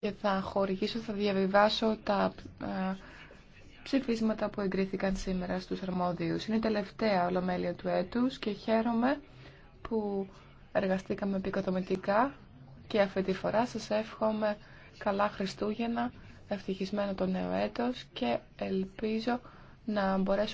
και θα χορηγήσω, θα διαβιβάσω τα ψηφίσματα που εγκρίθηκαν σήμερα στους αρμόδιους. Είναι η τελευταία ολομέλεια του έτους και χαίρομαι που εργαστήκαμε επικοδομητικά και αυτή τη φορά σας εύχομαι καλά Χριστούγεννα, ευτυχισμένο το νέο έτος και ελπίζω να μπορέσω